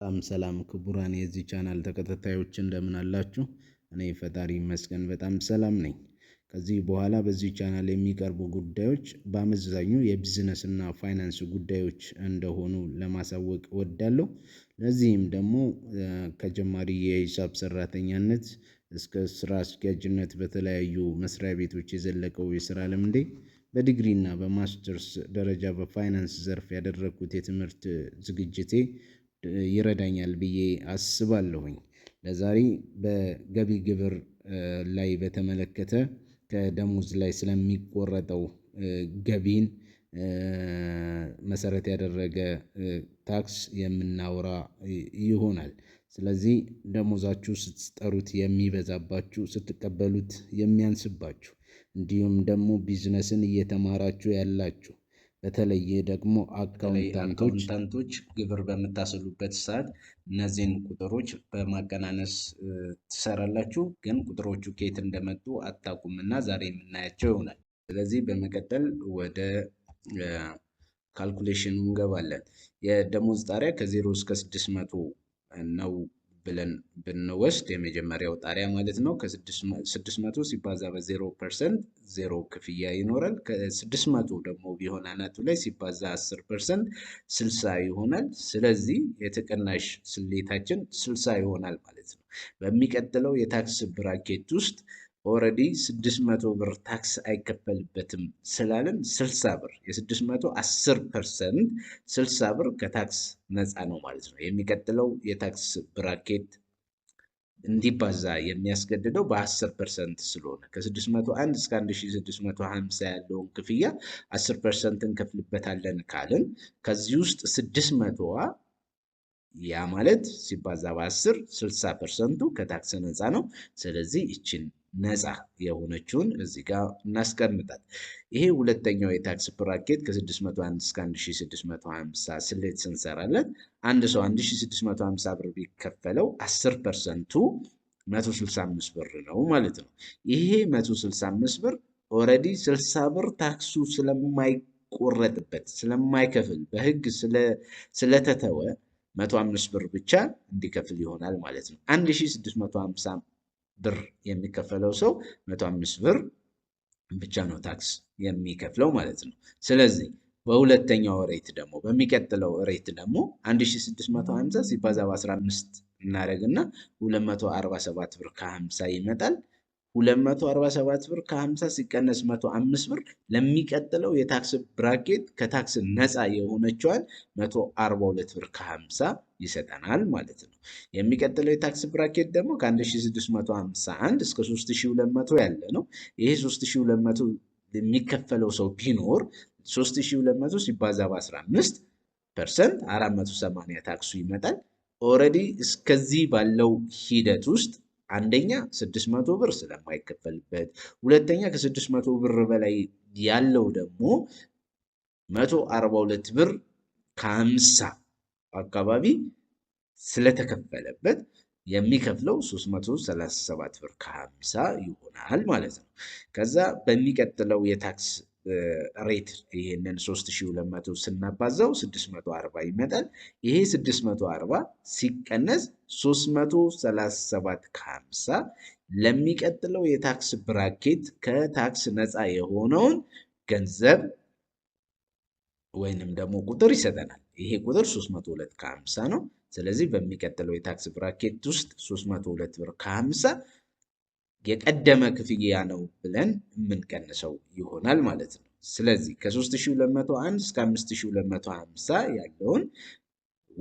ሰላም ሰላም ክቡራን የዚህ ቻናል ተከታታዮች እንደምን አላችሁ? እኔ ፈጣሪ ይመስገን በጣም ሰላም ነኝ። ከዚህ በኋላ በዚህ ቻናል የሚቀርቡ ጉዳዮች በአመዛኙ የቢዝነስ እና ፋይናንስ ጉዳዮች እንደሆኑ ለማሳወቅ እወዳለሁ። ለዚህም ደግሞ ከጀማሪ የሂሳብ ሰራተኛነት እስከ ስራ አስኪያጅነት በተለያዩ መስሪያ ቤቶች የዘለቀው የስራ ልምዴ በዲግሪ እና በማስተርስ ደረጃ በፋይናንስ ዘርፍ ያደረግኩት የትምህርት ዝግጅቴ ይረዳኛል ብዬ አስባለሁኝ። ለዛሬ በገቢ ግብር ላይ በተመለከተ ከደሞዝ ላይ ስለሚቆረጠው ገቢን መሰረት ያደረገ ታክስ የምናወራ ይሆናል። ስለዚህ ደሞዛችሁ ስትጠሩት የሚበዛባችሁ ስትቀበሉት የሚያንስባችሁ እንዲሁም ደግሞ ቢዝነስን እየተማራችሁ ያላችሁ በተለየ ደግሞ አካውንታንቶች ግብር በምታስሉበት ሰዓት እነዚህን ቁጥሮች በማቀናነስ ትሰራላችሁ፣ ግን ቁጥሮቹ ከየት እንደመጡ አታውቁም እና ዛሬ የምናያቸው ይሆናል። ስለዚህ በመቀጠል ወደ ካልኩሌሽኑ እንገባለን። የደሞዝ ጣሪያ ከዜሮ እስከ ስድስት መቶ ነው ብለን ብንወስድ የመጀመሪያው ጣሪያ ማለት ነው። ከ600 ሲባዛ በ0 ፐርሰንት 0 ክፍያ ይኖራል። ከ600 ደግሞ ቢሆን አናቱ ላይ ሲባዛ 10 ፐርሰንት 60 ይሆናል። ስለዚህ የተቀናሽ ስሌታችን 60 ይሆናል ማለት ነው። በሚቀጥለው የታክስ ብራኬት ውስጥ ኦልሬዲ 600 ብር ታክስ አይከፈልበትም ስላለን 60 ብር የ610 ፐርሰንት 60 ብር ከታክስ ነፃ ነው ማለት ነው። የሚቀጥለው የታክስ ብራኬት እንዲባዛ የሚያስገድደው በ10 ፐርሰንት ስለሆነ ከ601 እስከ 1650 ያለውን ክፍያ 10 ፐርሰንት እንከፍልበታለን ካልን ከዚህ ውስጥ 600ዋ ያ ማለት ሲባዛ በ10 60 ፐርሰንቱ ከታክስ ነፃ ነው። ስለዚህ ይችን ነፃ የሆነችውን እዚህ ጋር እናስቀምጣት። ይሄ ሁለተኛው የታክስ ብራኬት ከ601 እስከ 1650 ስሌት ስንሰራለን አንድ ሰው 1650 ብር ቢከፈለው 10 ፐርሰንቱ 165 ብር ነው ማለት ነው። ይሄ 165 ብር ኦልሬዲ 60 ብር ታክሱ ስለማይቆረጥበት ስለማይከፍል በህግ ስለተተወ 105 ብር ብቻ እንዲከፍል ይሆናል ማለት ነው። 1650 ብር የሚከፈለው ሰው መቶ ብር ብቻ ነው ታክስ የሚከፍለው ማለት ነው። ስለዚህ በሁለተኛው ሬት ደግሞ በሚቀጥለው ሬት ደግሞ 1650 ሲባዛ በ15 እናደርግና 247 ብር ከ50 ይመጣል። 247 ብር ከ50 ሲቀነስ 105 ብር ለሚቀጥለው የታክስ ብራኬት ከታክስ ነፃ የሆነችዋን 142 ብር ከ50 ይሰጠናል ማለት ነው። የሚቀጥለው የታክስ ብራኬት ደግሞ ከ1651 እስከ 3200 ያለ ነው። ይሄ 3200 የሚከፈለው ሰው ቢኖር 3200 ሲባዛ በ15 ፐርሰንት 480 ታክሱ ይመጣል። ኦልሬዲ እስከዚህ ባለው ሂደት ውስጥ አንደኛ 600 ብር ስለማይከፈልበት፣ ሁለተኛ ከ600 ብር በላይ ያለው ደግሞ 142 ብር ከ50 አካባቢ ስለተከፈለበት የሚከፍለው 337 ብር ከ50 ይሆናል ማለት ነው። ከዛ በሚቀጥለው የታክስ ሬት ይሄንን 3200 ስናባዛው 640 ይመጣል። ይሄ 640 ሲቀነስ 337 ከ50 ለሚቀጥለው የታክስ ብራኬት ከታክስ ነፃ የሆነውን ገንዘብ ወይንም ደግሞ ቁጥር ይሰጠናል። ይሄ ቁጥር 302 ከ50 ነው። ስለዚህ በሚቀጥለው የታክስ ብራኬት ውስጥ 302 ብር ከ50 የቀደመ ክፍያ ነው ብለን የምንቀንሰው ይሆናል ማለት ነው። ስለዚህ ከ3201 እስከ 5250 ያለውን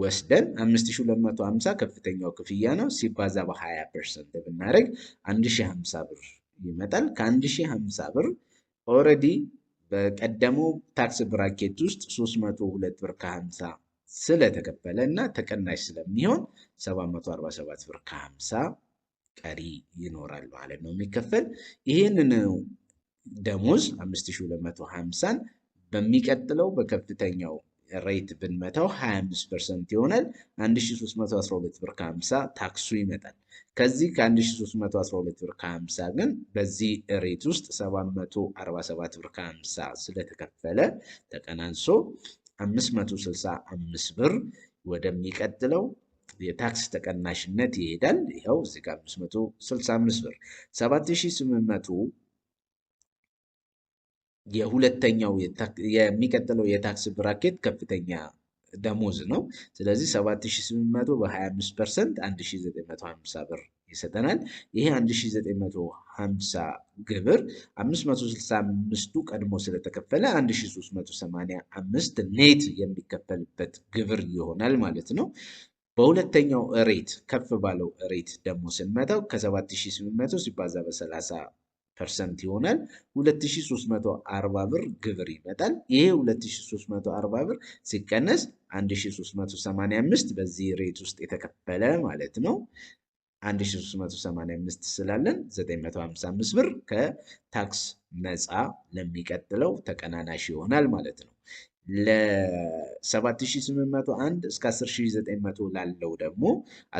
ወስደን 5250 ከፍተኛው ክፍያ ነው ሲባዛ በ20 ፐርሰንት ብናደርግ 1050 ብር ይመጣል። ከ1050 ብር ኦልሬዲ በቀደመው ታክስ ብራኬት ውስጥ 302 ብር ከ50 ስለተከፈለ እና ተቀናሽ ስለሚሆን 747 ብር ከ50 ቀሪ ይኖራል ማለት ነው የሚከፈል። ይህንን ደሞዝ 5250 በሚቀጥለው በከፍተኛው ሬት ብንመታው 25 ፐርሰንት ይሆናል። 1312 ብር ከ50 ታክሱ ይመጣል። ከዚህ ከ1312 ብር ከ50 ግን በዚህ ሬት ውስጥ 747 ብር ከ50 ስለተከፈለ ተቀናንሶ 565 ብር ወደሚቀጥለው የታክስ ተቀናሽነት ይሄዳል። ይኸው እዚህ ጋር 565 ብር 7800 የሁለተኛው የሚቀጥለው የታክስ ብራኬት ከፍተኛ ደሞዝ ነው። ስለዚህ 7800 በ25 ፐርሰንት 1950 ብር ይሰጠናል። ይሄ 1950 ግብር 565ቱ ቀድሞ ስለተከፈለ 1385 ኔት የሚከፈልበት ግብር ይሆናል ማለት ነው። በሁለተኛው ሬት ከፍ ባለው ሬት ደግሞ ስንመታው ከ7800 ሲባዛ በ30 ፐርሰንት ይሆናል። 2340 ብር ግብር ይመጣል። ይሄ 2340 ብር ሲቀነስ 1385 በዚህ ሬት ውስጥ የተከፈለ ማለት ነው። 1385 ስላለን 955 ብር ከታክስ ነፃ ለሚቀጥለው ተቀናናሽ ይሆናል ማለት ነው። ለ7801 እስከ 10900 ላለው ደግሞ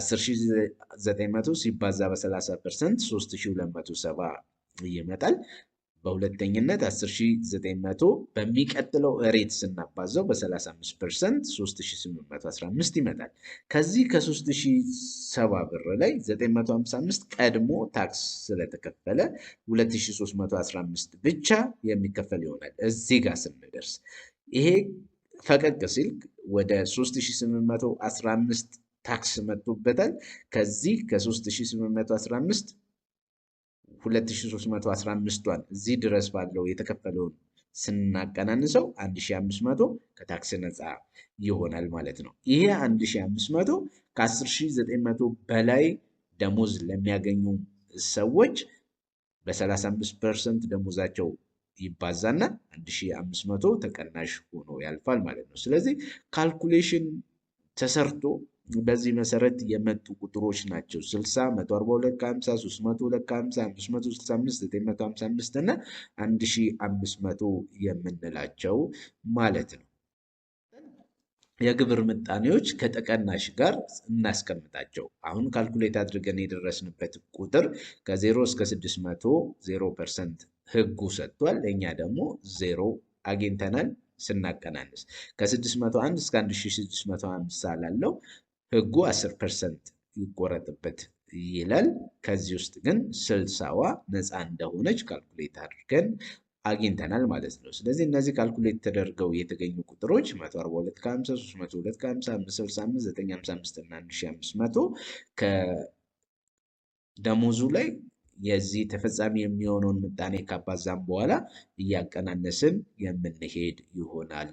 10900 ሲባዛ በ30 ፐርሰንት 3270 ይመጣል። በሁለተኝነት 10900 በሚቀጥለው ሬት ስናባዛው በ35 ፐርሰንት 3815 ይመጣል። ከዚህ ከ3070 ብር ላይ 955 ቀድሞ ታክስ ስለተከፈለ 2315 ብቻ የሚከፈል ይሆናል እዚህ ጋር ስንደርስ ይሄ ፈቀቅ ሲል ወደ 3815 ታክስ መጥቶበታል። ከዚህ ከ3815 2315ቷን እዚህ ድረስ ባለው የተከፈለውን ስናቀናንሰው 1500 ከታክስ ነፃ ይሆናል ማለት ነው። ይሄ 1500 ከ10900 በላይ ደሞዝ ለሚያገኙ ሰዎች በ35 ፐርሰንት ደሞዛቸው ይባዛና 1500 ተቀናሽ ሆኖ ያልፋል ማለት ነው። ስለዚህ ካልኩሌሽን ተሰርቶ በዚህ መሰረት የመጡ ቁጥሮች ናቸው። 60፣ 142፣ 50፣ 302 50 565፣ 955 እና 1500 የምንላቸው ማለት ነው። የግብር ምጣኔዎች ከጠቀናሽ ጋር እናስቀምጣቸው። አሁን ካልኩሌት አድርገን የደረስንበት ቁጥር ከ0 እስከ 600 0 ፐርሰንት ህጉ ሰጥቷል። እኛ ደግሞ ዜሮ አግኝተናል። ስናቀናንስ ከ601 እስከ 1605 ሳላለው ህጉ 10 ፐርሰንት ይቆረጥበት ይላል። ከዚህ ውስጥ ግን ስልሳዋ ነፃ እንደሆነች ካልኩሌት አድርገን አግኝተናል ማለት ነው። ስለዚህ እነዚህ ካልኩሌት ተደርገው የተገኙ ቁጥሮች 142 ከ50፣ 302 ከ50፣ 955 እና 1500 ከደሞዙ ላይ የዚህ ተፈጻሚ የሚሆነውን ምጣኔ ካባዛም በኋላ እያቀናነስን የምንሄድ ይሆናል